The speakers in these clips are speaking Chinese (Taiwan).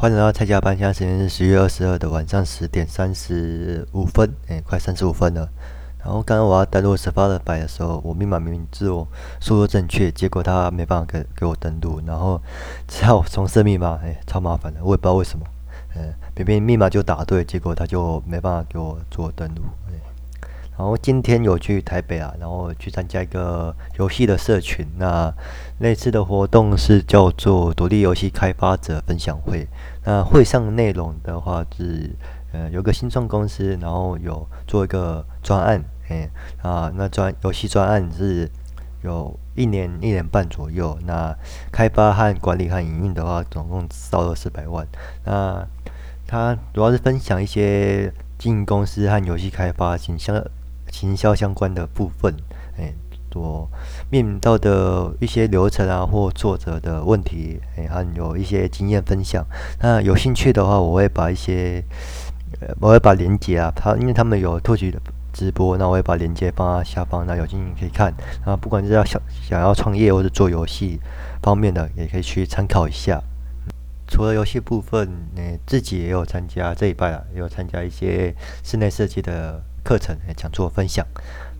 歡迎來到蔡家班，現在時間是十月二十二的晚上十點三十五分，誒，快三十五分了。然後剛剛我要登錄 Spotify 的時候，我密碼明明自我輸入正確，結果他沒辦法給給我登錄，然後只要我重設密碼，誒，超麻煩的，我也不知道為什麼，嗯，明明密碼就打對，結果他就沒辦法給我做登錄，然後今天有去台北啊，然後去參加一個遊戲的社群。那那次的活動是叫做獨立遊戲開發者分享會。那會上的內容的話是，呃，有個新創公司，然後有做一個專案，誒、哎，啊，那專遊戲專案是有一年一年半左右。那開發和管理和營運的話，總共到了四百萬。那他主要是分享一些經營公司和遊戲開發經行銷相關的部分，誒，我面臨到的一些流程啊，或作者的問題，誒，還有一些經驗分享。那有興趣的話，我會把一些，呃、我會把鏈接啊，他因為他們有 Twitch 的直播，那我會把鏈接放在下方，那有興趣可以看。那不管是要想想要創業或者做遊戲方面的，也可以去參考一下。除了遊戲部分，你自己也有參加這禮拜啊，也有參加一些室內設計的。課程誒，講座分享，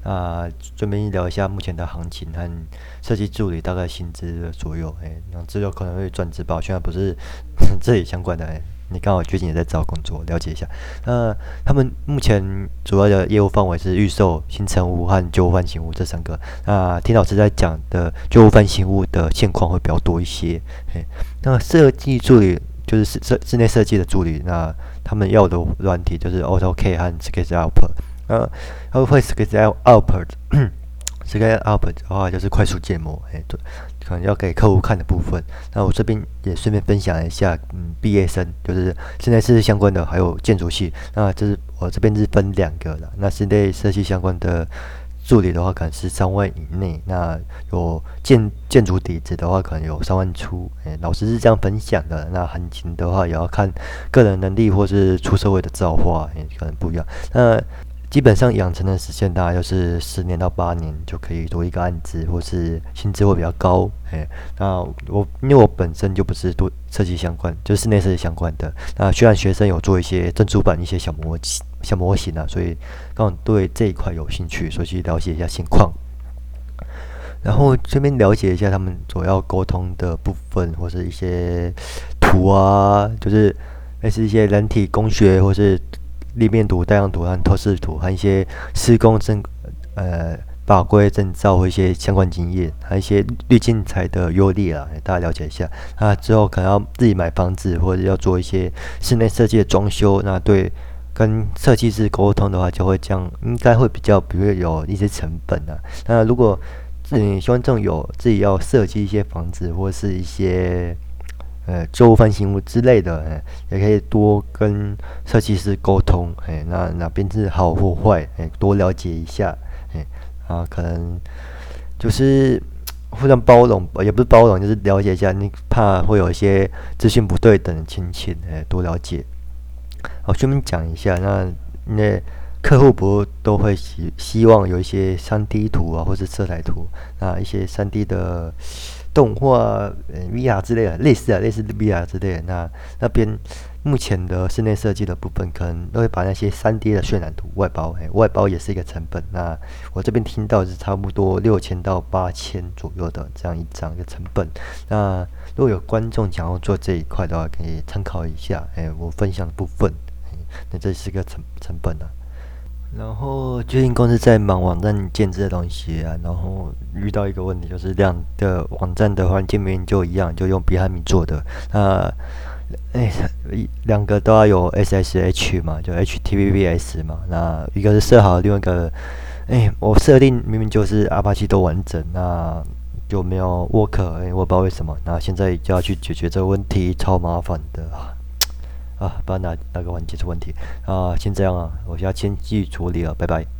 啊、呃，順便聊一下目前的行情和設計助理大概薪資的左右誒，薪資有可能會轉職包，雖然不是這裡相關的，誒，你剛好最近也在找工作，了解一下。那、呃、他們目前主要的業務範圍是預售、新成屋和舊翻新屋這三個。那、呃、聽老師在講的舊翻新屋的現況會比較多一些。誒，那設計助理就是室室室內設計的助理，那他們要的軟體就是 AutoCAD 和 SketchUp。S A L P 啊，然後會是一 out, 個 output，這個 output 的話就是快速建模，哎、欸，對，可能要給客戶看的部分。那我這邊也順便分享一下，嗯，畢業生就是室內設計相關的還有建築系，那這是我這邊是分兩個的。那室內設計相關的助理的話，可能是三萬以內；那有建建築底子的話，可能有三萬出。哎、欸，老師是這樣分享的。那行情的話，也要看個人能力或是出社會的造化，也、欸、可能不一樣。那基本上養成的時間大概就是十年到八年就可以多一個案子，或是薪資會比較高。誒，那我因為我本身就不是做設計相關，就是室內設計相關的。那雖然學生有做一些珍珠板，一些小模型小模型啊，所以剛好對這一塊有興趣，所以去了解一下情況。然後順便了解一下他們主要溝通的部分，或是一些圖啊，就是類似一些人體工學或是。立面圖、斷面圖和透視圖，和一些施工證、呃法規證照和一些相關經驗，還有一些綠建材的優劣啦，大家了解一下。那之後可能要自己買房子，或者要做一些室內設計的裝修，那對跟設計師溝通的話，就會這樣應該會比較比如有一些成本啊。那如果嗯觀眾，有自己要設計一些房子，或是一些。呃，做翻新物之類的、呃，也可以多跟設計師溝通，哎、呃，那哪邊是好或壞，哎、呃，多了解一下，哎，啊，可能就是互相包容，也不是包容，就是了解一下，你怕會有一些資訊不對等的情形，的、呃、親，戚哎多了解。好、呃，順便講一下，那那客戶不都會希希望有一些三 D 圖啊，或者色彩圖，那一些三 D 的。動畫、呃、VR 之類的，類似啊，類似 VR 之類的。那那邊目前的室內設計的部分，可能都會把那些三 D 的渲染圖外包、欸，外包也是一個成本。那我這邊聽到是差不多六千到八千左右的這樣一張一個成本。那如果有觀眾想要做這一塊的話，可以參考一下，哎、欸，我分享的部分，欸、那這是一個成成本啊。然後最近公司在忙網站建置的東西啊，然後遇到一個問題，就是兩個網站的環境明面就一樣，就用 B 和米做的。那哎，兩個都要有 S S H 嘛，就 H T T P S 嘛。 嗯、 那一個是設好，另外一個哎，我設定明明就是 Apache 都完整，那就沒有 work、er,。哎，我不知道為什麼。那現在就要去解決這個問題，超麻煩的。啊，不然哪那個文件出問題啊？先這樣啊，我現在先要先去處理了，拜拜。